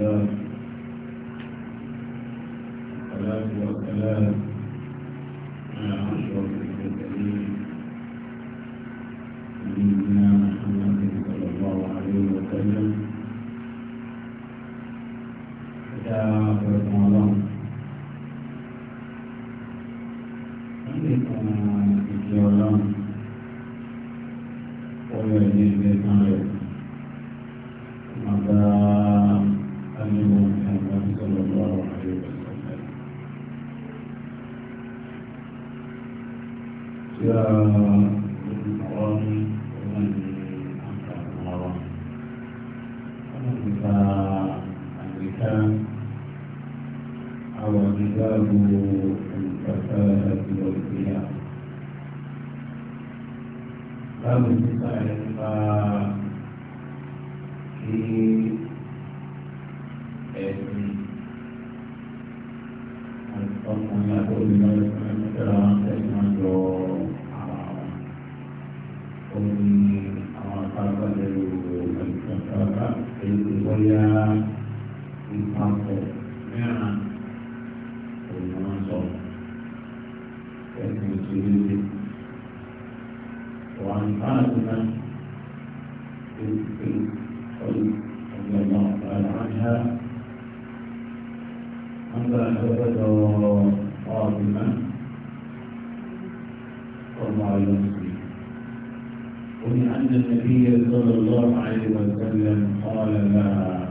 لله الصلاة والسلام wanda سبحانه بن رضي الله تعالى عنها عند حضرة فاطمة والله المسلم ولأن النبي صلى الله عليه وسلم قال لها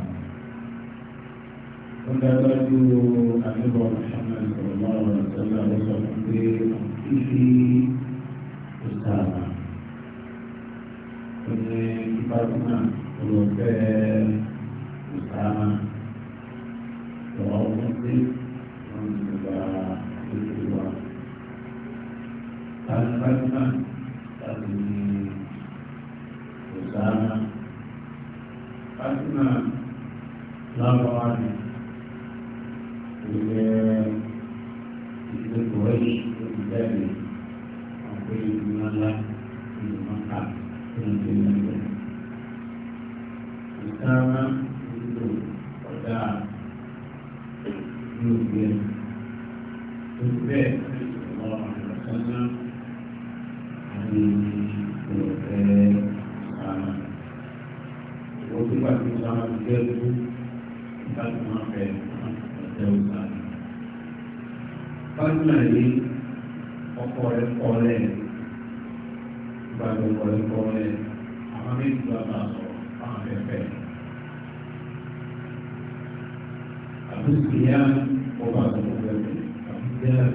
فلا ترجو أن محمد صلى الله عليه وسلم وصفه به náà ló fẹ́ ìsáná lọ́wọ́ fún sí wọn ti gba ètò wa. Tàbíkàtà láti ní ìsáná. Fátímà lọ́wọ́. fámìlà yìí ọkọ rẹ kọ lẹ ìgbàgbọ́ ọkọ rẹ kọ lẹ àwọn méjì bá máa sọ àwọn afẹ́fẹ́. àbúrò kìíyà ọba àtọ́kọ̀ rẹ àbúrò kìíyà.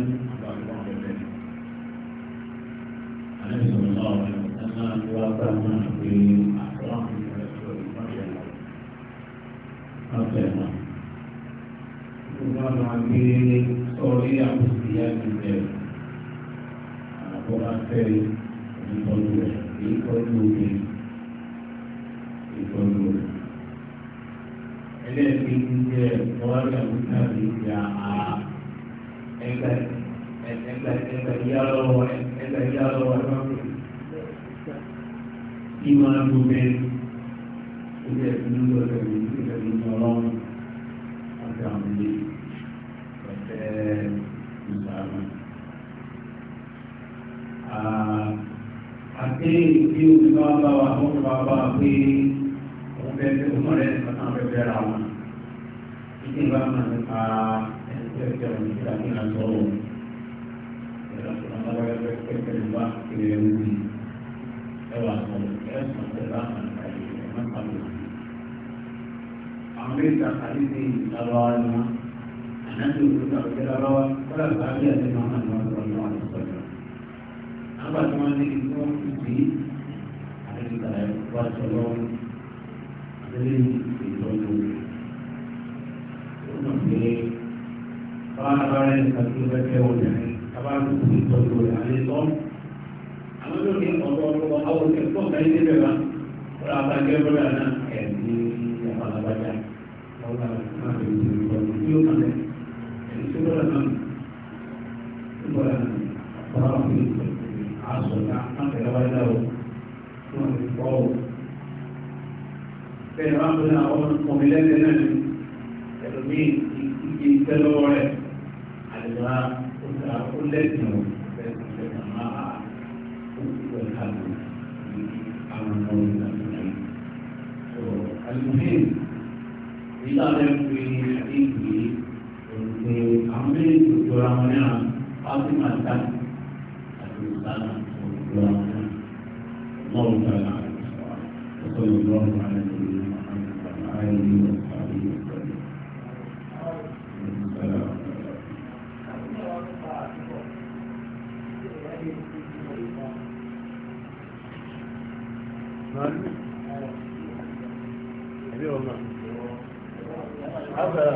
àbí ìgbà ẹgbẹ ẹgbẹ ẹgbẹ ìyá lọ́wọ́ ẹgbẹ ìyá lọ́wọ́ ẹgbẹ ìmọ̀ agbóbe ilé ẹ̀sìn ló lọ sí ilé ẹ̀sìn ní ọlọ́run àti àwọn ilé ẹ̀fẹ́ ìgbàlù. àti bí òbí bá bá wa fún bàbá pé òun fẹ́ fẹ́ òun rẹ̀ nípa náà fẹ́ fẹ́ ra wọn tí ìbá máa nípa ẹgbẹ́ ìjọ ìjọba ní àtọ́wò ẹ̀rọ ìfọ̀nàmọ́lẹ́gbẹ́ pẹ́pẹ́ ìwá kiri ẹ̀rú bí ẹwà sọ ẹ̀sán tẹ̀lá àkàlẹ̀ ẹ̀mọ́pàlẹ̀. àwọn mẹ́ta kàlí sí ìlàlọ́wọ́ ni wọ́n ànájú òkúta òkèlàlọ́wọ́ kọ́lá ìbáwí àti màmá ni wọ́n sọ̀rọ̀ náà sọ̀rọ̀. àgbà tí wọ́n ní ìfọ́ ìdí àti ìgbà ìwájú ọlọ́run àti lẹ́yìn ìtọ́jú bàbá abára ẹni kàtó ló fẹ́ obìnrin bàbá àtúntò ìtọ́jú rẹ̀ àlè sọ. àwọn tó ní ọ̀dọ́ ọ̀dọ́ àwọn òkè tó kàn ní bẹ̀rẹ̀ wọn lọ bá gẹ́gẹ́ bọ́lá náà ẹ̀mí àbálàbájá ọ̀dọ́ àwọn máa fi ìtọ́jú rẹ̀ yóò kàn lẹ̀ ẹ̀mí tó bọ́lá náà tó bọ́lá náà bàbá fi àṣọ náà máa fẹ́ lọ́wọ́ ẹ̀dá o tó máa fi fọ́ o. bẹ́ẹ̀ ni wọ́n á àìwá ó ta ó lẹ́sìn ọ̀ lẹ́sìn lẹ́sìn máa ó ti wọ̀ kàlù ní àwọn ọmọ ìlànà yìí. tó àlùfíì nígbà tẹ́ fi àdéhùn yìí òǹdè àwọn méjì tó jọra wọn náà wá sí màdá àti ìsàlẹ̀. àbí ọmọ àbẹ̀rẹ̀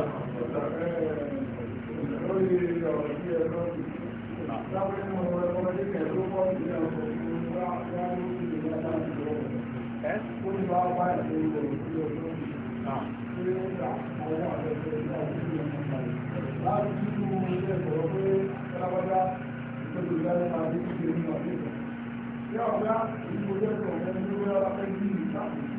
Yeah, I'm not. You know, that's what eh? ah. I'm doing.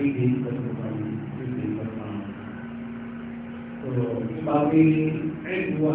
kéde ìfọ̀sọ̀tà yìí kéde ìfọ̀sọ̀tà. Sọ̀rọ̀ nípa pé ẹ̀dùn wà.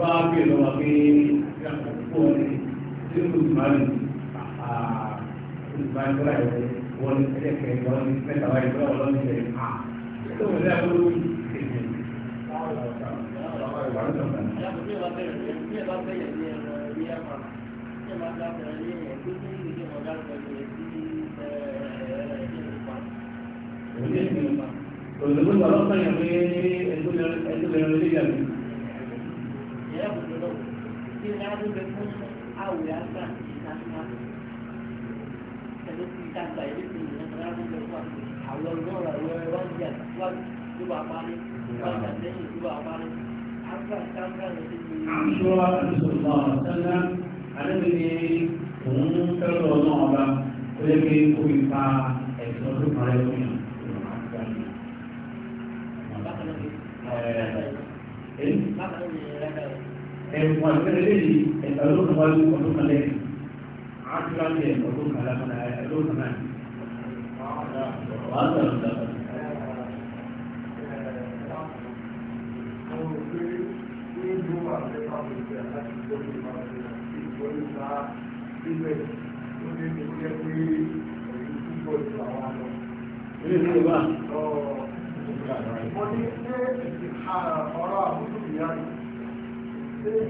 bá gbé lọ́wọ́ pé kó ní tí o tún máa ń tún máa ń tọ́lá yẹn wọ́n ní ẹ̀kẹ́ wọ́n ní mẹ́ta wáyé tọ́lá wọ́n ní ẹ̀ ha tó o ní àgbo lórí èdè. Òṣèlú ọlọ́pàá yẹn pé ẹgbẹ́ ẹgbẹ́ ẹgbẹ́ ẹgbẹ́ ìyá ìwòjọ náà kí ní àwọn ọmọbẹ fún àwẹ̀ àgbà ìdáná ẹ̀rọ ti ká gba ìdí fún ìyá àwọn ọmọbẹ fún àwọn ọlọ́rọ̀ àwọn ẹ̀rọ ń yà wá tó bá parí wá ìgbà lẹ́yìn tó bá parí. Àṣọ́ra ìṣòro ọ̀sánná àlejò ni òun fẹ́ràn ọ̀nà ọba ó yẹ kí kó ipa ẹ̀sọ́ tó parẹ́ fún yàn. Bákan náà ni ẹ̀rọ ẹ̀fọn àtẹ́lẹ́lẹ́ yìí ẹ̀ta ló kàn wájú ọdún kan lẹ́yìn àtúrántì ẹ̀kọ́ tó kàn lápá náà ẹ̀ló kan náà wàá sọ̀rọ̀ dábà. Ilé ìwé wa.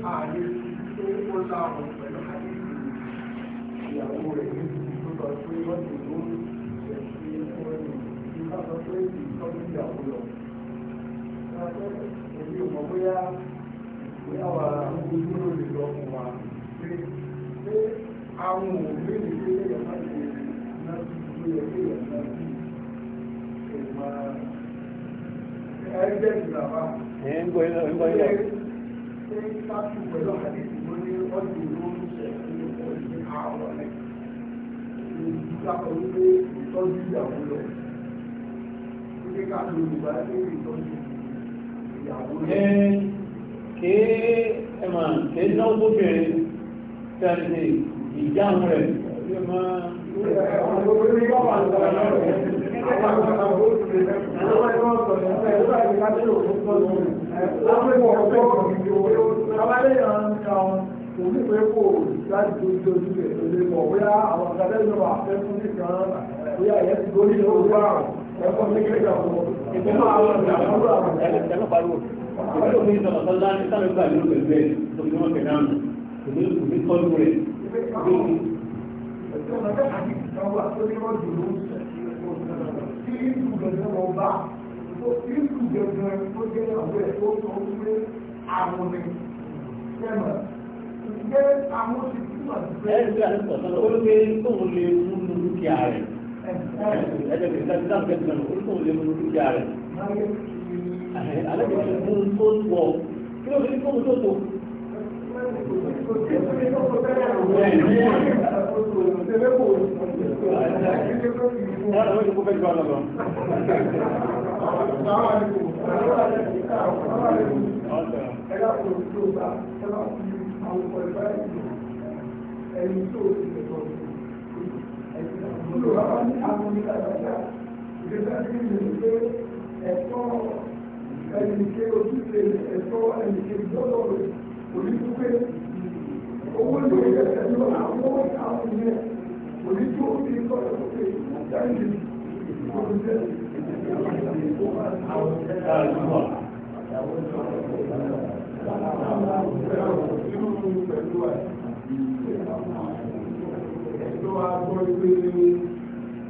ààyè tó kó láàrùn pẹ̀lú àdéhùn ìyàwó rẹ̀ tó sọ pé wọ́n ti ló ṣe sí ọ̀rẹ́ mi nípa sọ pé ìtọ́jú ìyàwó lọ. Èmi ò mọ̀ bóyá bóyá wà ojú lórí lọ fún wa pé pé àwọn òbí mi pé èèyàn má ṣe ná tó yẹ kí èèyàn náà bí èèyàn máa ẹgbẹ́ ìgbà wa. Ẹ ń gbọ́ ilé ọ̀hún ṣé káfí pẹ̀lú àdìsí tó ní ọdún ló ń ṣe ní ọdún ní àwọn rẹ̀ ìdúkàkọ̀ wípé ìtọ́jú ìyàwó lọ wípé káfí olùgbà lè ìtọ́jú ìyàwó lọ. kéé ẹ máa kéé náwó bóbìnrin tẹ̀lé ìjáàmù rẹ̀ ló máa. Onípe kò láti dojú ojú rẹ̀ tó lè mọ̀ bóyá àwọn ọ̀gáde ìjọba àfẹ́kún nìkan bóyá ẹ̀yẹ́ ti lórí ìlú òwúrọ̀ àrùn ẹ̀kọ́ ní kékeré àwọn ìgbẹ́nà àwọn ìgbàlódé àwọn ẹ̀lẹ́tẹ̀lẹ́ pariwo. Àwọn ìlú òfin ìjọba sọ́lá ní sáré gbà nínú ẹgbẹ́ tó fi wọ́n kẹ̀ náà kò ní kọlu lọ́wọ́ àtúntò jùlọ tí ìlú gẹ̀gẹ̀ wọn bá ìlú gẹ̀gẹ̀ tó jẹ́ ọ̀wẹ́ tó sọ wípé àwọn ni sẹ́mọ̀ ìgbẹ́ àwọn ti túmọ̀ sí pé. ẹ̀rí àti sọ̀tàn olùgbé tóun lè múnú dúkìá rẹ̀ ẹ̀jẹ̀ kìí sẹ́yìn sáà kẹ́kẹ́ náà olùgbé tóun lè múnú dúkìá rẹ̀ alẹ́ kìí mú tó wọ̀ kí ló fi kó mú tó tó. Ẹni tó ti lè sọ fún un, ẹni tó wá ní àwọn oníkàtàkà, ìgbésà ní ìlú pé ẹ̀tọ́ ẹni tí ó ti lè ẹ̀tọ́ ẹni tí ó lọ́wọ́ rẹ̀ kò ní tó pé owó ló yẹ ẹjọ́ àwọn owó àwọn ilé kò ní tó fi kọ́ ẹ̀ pé wọ́n jáde wọ́n jẹ́ Ẹjọ́ agbọ́ ìpele,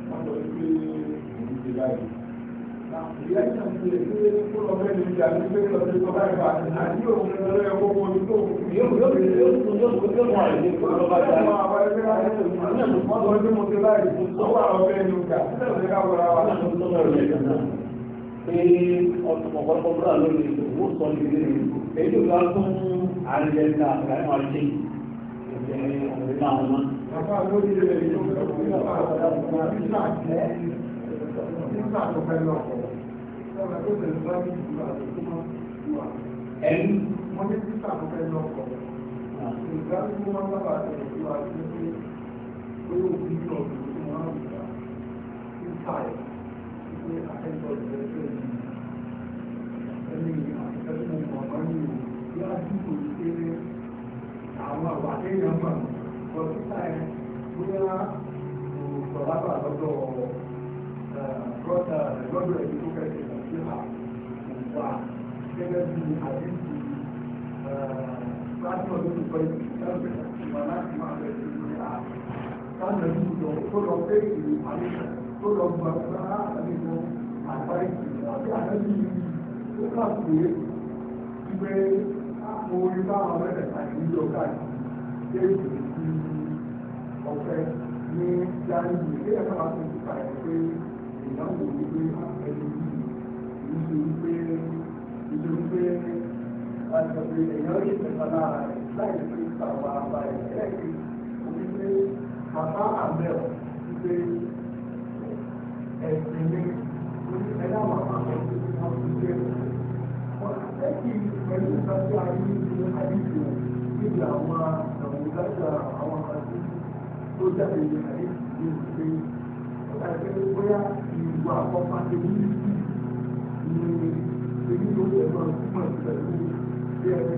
wọ́n sọ ìpele ìdílé láyé pé ọ̀pọ̀lọpọ̀ búra lórí ìwò sọ ní ilé rẹ̀ èyí ò bá tún àríyẹ ká àgbáyé máa ṣe ìgbẹ́ ọ̀rẹ́ náà wọn nígbà tó fẹ́ lọ ọ̀pọ̀ tó bẹ̀rẹ̀ bá ní ìlú àti tó máa ẹ̀rí mo ní nígbà tó fẹ́ lọ ọ̀pọ̀ ìgbà tó máa bá bàtẹ̀ ìlú àti pé pé òbí lọ sí tó máa àwọn àwọn akéèyàn mọ̀ kọ́ ẹ̀ bóyá òṣèlábà lọ́dọ̀ ọ̀rọ̀ brought uh, the God of the prophet in the Shiva and Wa, gave the hadith to Fatima bin Ubay, Malak Muhammad bin Ubay, Kan da su da full of faith in Alisha, full of Basra, and you advice to you. Abi a nan yi, ko ka su àwọn ẹ̀rẹ̀ àti ìjọ káàkiri, ṣé ìjọ ti ọ̀fẹ́ ní Jáde, ṣé ẹ̀ka ìdáwò wípé ẹni yìí wípé wípé wípé láti ọ̀pẹ èèyàn rí ìfẹ̀fà láì fi ìtàwà àbá ẹ̀ ẹ̀kí wípé bàbá àbẹ̀ wípé ẹ̀sìn ní ẹ̀dá bàbá àbẹ̀ wọ́n ti jẹ́ wọ́n ẹ̀kí pẹ̀lú ìtàkì ayé ní àdìsí níbi àwọn àwùjọ àwọn àti tó jáde ní àdìsí ní ìgbéyìí ẹgbẹ́ bóyá ìlú àkọ́kọ́ ti ní ní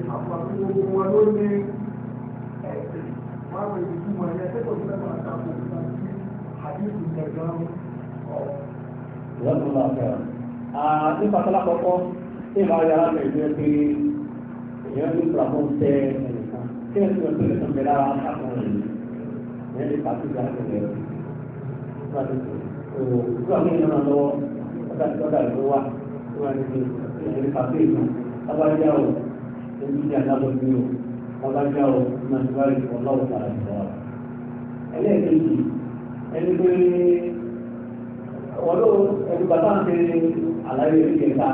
kọ́kọ́ tí ìbá yàrá rẹ̀ jẹ́ èèyàn ní ìgbà tó ń tẹ ẹnìkan kí ẹ̀sìn ọ̀sẹ̀ lè tún ní ẹni pàtó ìgbà tó òkú àmì ìlànà lọ́wọ́ ọ̀dà ìtọ́jà ìlú wa tó wà níbi ìrìn kàfé ìlú abájá o ẹni tí a dábọ̀ sí o abájá o nàìjíríà ọlọ́wọ́ tààrà ìjọba ẹlẹ́ẹ̀kejì ẹni pé ọ̀dọ́ ẹni bàtà ń tẹ àlàyé ẹni kẹta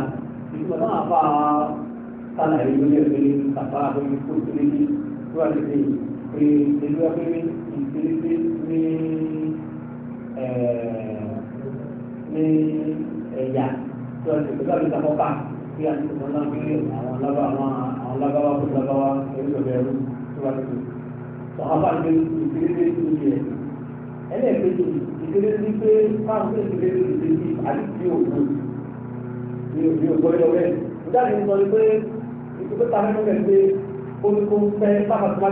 ìtumọ̀ náà fà á sálà ìlú ní ẹgbẹ́ kàfà kó tẹ̀lé ní tó wà níbi pé ìlú ẹgbẹ́ ní ìtẹ̀lé ní ní ẹ̀yà tí wọ́n ti pè lọ́dún ìtàkọ́ bá bí àti ìtàn náà bí àwọn lábàá àwọn lábàá kò lábàá èyí ò bẹ̀rù tó wà nínú. sọ̀hábà ní ìdílé tó yẹ ẹlẹ́ẹ̀kejì ìdílé ní pé fáwọn ìdílé tó ti di àdìsí òkú ní òbí ògbọ́yọ̀ rẹ̀. ìdáàbí ń sọ pé ìtòkè ta nínú rẹ̀ pé ó ní kó fẹ́ sábà tó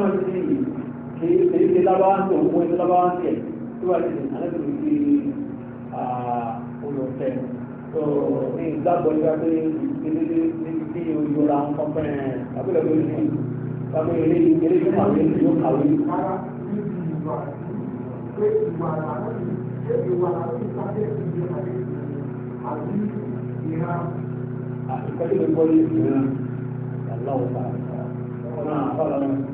má ti dùn èyí ṣe lábáwá ń tó owó ẹni lábáwá ń tẹ̀ tó wà lẹ́yìn alẹ́bùrú sí olùfẹ́ tó ní ìgbàgbọ́ ìgbà pé ìdílé níbi tí ojú ọ̀la ń kọ́ fẹ́ abúlé ló ní ìgbàgbọ́ eré eré tó kàwé yóò kàwé. Àti ìkọ́jú ló gbọ́ ní ìgbìmọ̀ aláwọ̀ bá a. Ọ̀nà àbálọ̀ náà.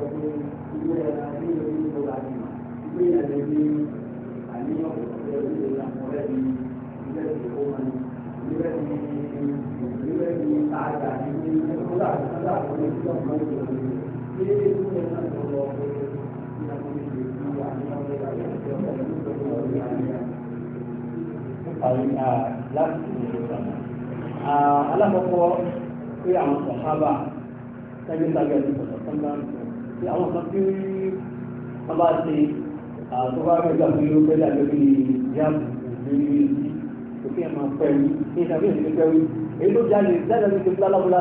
àwárí láti ìlú alákọ̀ọ́kọ́ pé àwọn sọ̀hábà tẹ́lẹ̀ tàbí ẹ̀sìn sọ̀tọ̀ sọ́nà tí àwọn kan tí wọ́n bá ṣe tó bá rẹ̀ gbà pé ó fẹ́ dàbí bí yàgò lórí òfin ẹ̀ma pẹ̀lú ní ìtàbí ìṣẹ̀lẹ̀ pẹ̀lú èyí tó jáde jáde ní ìṣẹ̀lẹ̀ alábọ́lá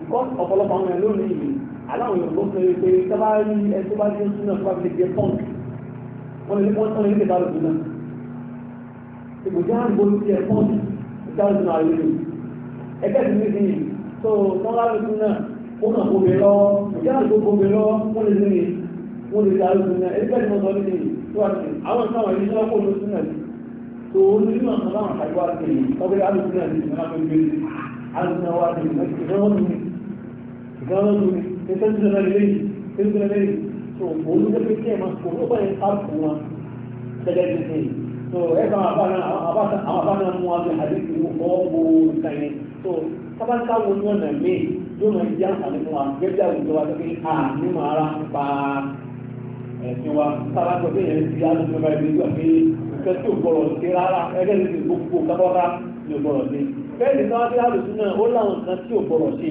because ọ̀pọ̀lọpọ̀ àwọn ẹ̀ lónìí yìí aláwọn èèyàn ló fẹ́ pé sábà rí ẹ tó bá dé sí náà tó bá fi lè jẹ pọ́ǹk wọ́n lè wọ́n lè lè bá lòdì náà ìbùdó àgbo ti ẹ pọ́ǹk ìdáwọ́ ìdùnnú àlè rẹ̀ ẹgbẹ́ ti ní ìdíyìn tó wọ́n bá lòdì náà ó kàn gbòmè lọ́wọ́ ìbùdó àgbo gbòmè lọ́wọ́ wọ́n lè lè wọ́n lè dá lòdì náà ẹgbẹ́ ti mọ̀ sọ́ nídìí tó wà ní àwọn ìsáwọn ìdí náà kò lòdì náà tó onímọ̀ àwọn àtàgbà ti ọgbẹ́ alùpùpù gan-an ni ní sẹ́ńtítọ́ náà lè yìí sẹ́ńtítọ́ náà lè yìí tó òun ló fi kí ẹ̀ máa kó ló bá yẹn ká kó wọn gẹ́gẹ́ bí ṣe tó ẹ̀ bá àwọn bá náà mú wa bí àdéhùn ìlú ọ̀gbọ̀ nǹkan yẹn tó kábàtà wo ní ọ̀nà míì yóò máa jẹ́ àǹfààní fún wa gẹ́gẹ́ àwùjọ wa pé a ní màá ra pa ẹ̀sìn wa sábà tó bẹ́ẹ̀ yẹn ti àlùfẹ́ bá ibi ìgbà pé ìfẹ́ tó gbọ́rọ̀ sí rárá ẹgbẹ́ ní ti gbogbo kábọ́ká ní ò gbọ́rọ̀ sí bẹ́ẹ̀ ni sábà tó àlùfẹ́ náà ó láwọn kan tí ò gbọ́rọ̀ sí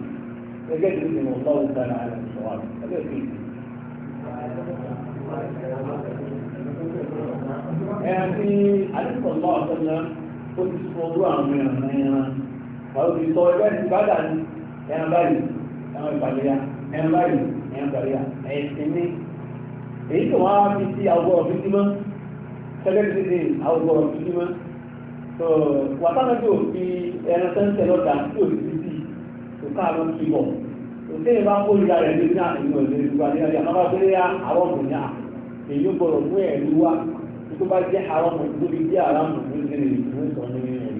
فجد من الله تعالى على الصواب هذا فيه يعني عليه الصلاة والسلام قلت موضوع من المنينة فهو في طويبات بعد ẹran báyìí ẹran ìpàdéyà ẹran báyìí ẹran ìpàdéyà ẹ̀sìn ní èyí tó wá fi sí àwòrán fi símọ́ sẹ́gẹ́tì ní àwòrán fi símọ́ tó wàtá náà tó fi ẹran sẹ́ńtẹ̀ lọ́ta tó káàró ti bọ̀ òkè ìbá kó ìlà rẹ̀ ní náà ìlú ẹ̀rọ ìlúwa ní ọjà máa bá pé yá àwọn ọmọ náà èyí ó gbọdọ̀ mú ẹ̀rú wá tó bá jẹ́ àwọn ọmọ tó fi jẹ́ àwọn ọmọ tó fi ní ìlú sọ ní ẹ̀rí.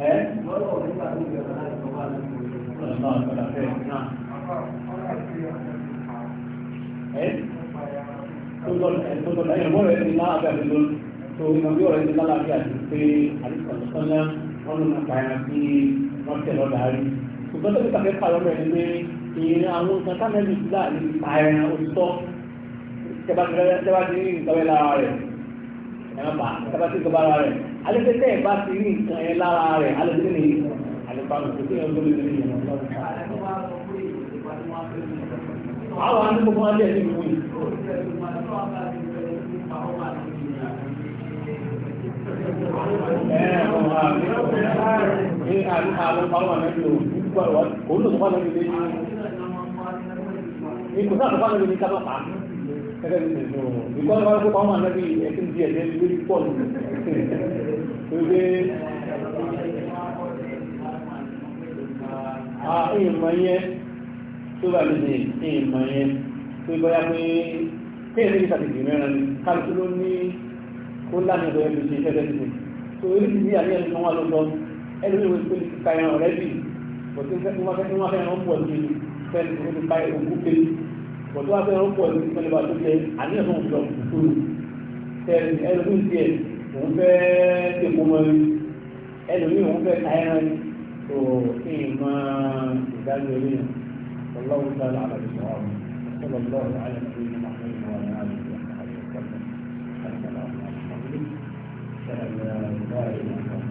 ẹ ẹ tó tọ́ ẹ̀rọ rẹ̀ ti náà àgbà tó tó ìmọ̀ bí ọ̀rẹ́ ti náà láti àti pé àti sọ̀tọ̀ náà wọ́n lò nípa ẹran bí wọ́n tẹ̀ lọ́dà rí ṣùgbọ́n tó ní kàfẹ́ fà lọ́rọ̀ ẹni pé ìrìn àwọn nǹkan támẹ́lì gbà ní ìpa ẹran òtítọ́ tẹ́bá ti rí nǹkan lára rẹ̀ ẹ̀rọ̀bà tẹ́bá ti gbọ́ lára rẹ̀ alẹ́sẹ̀ tẹ́ ẹ̀ bá ti rí nǹkan ẹ̀ lára rẹ̀ alẹ́sẹ̀ ní àlùfáàlù tó kéèyàn Ìkùsá àtọ́fà lórí ní kábọ̀ pàá. Ẹgbẹ́ mi nìyí ooo. Ìkọ́ni wáyé púpọ̀ wọn lẹ́bí ẹ̀sìn díẹ̀ lẹ́bí lórí pọ̀ lù. Ìgbé ìmọ̀ yẹn tó bá lè ní ìmọ̀ yẹn tó bọ́yá pé kéèrè ní torí ní àlẹ́ ẹni wọn lọ lọ ẹni wọn ìwé pé ká ẹran rẹ bì kò tí wọn fẹ́ wọn fẹ́ ẹran pọ̀ ní fẹ́ni tó ti ká òkú pé kò tí wọn fẹ́ ẹran pọ̀ ní fẹ́ni bá tó jẹ àníyàn tó ń lọ kúkú tẹ̀lé ẹni tó ń tiẹ̀ òun fẹ́ كان لا إله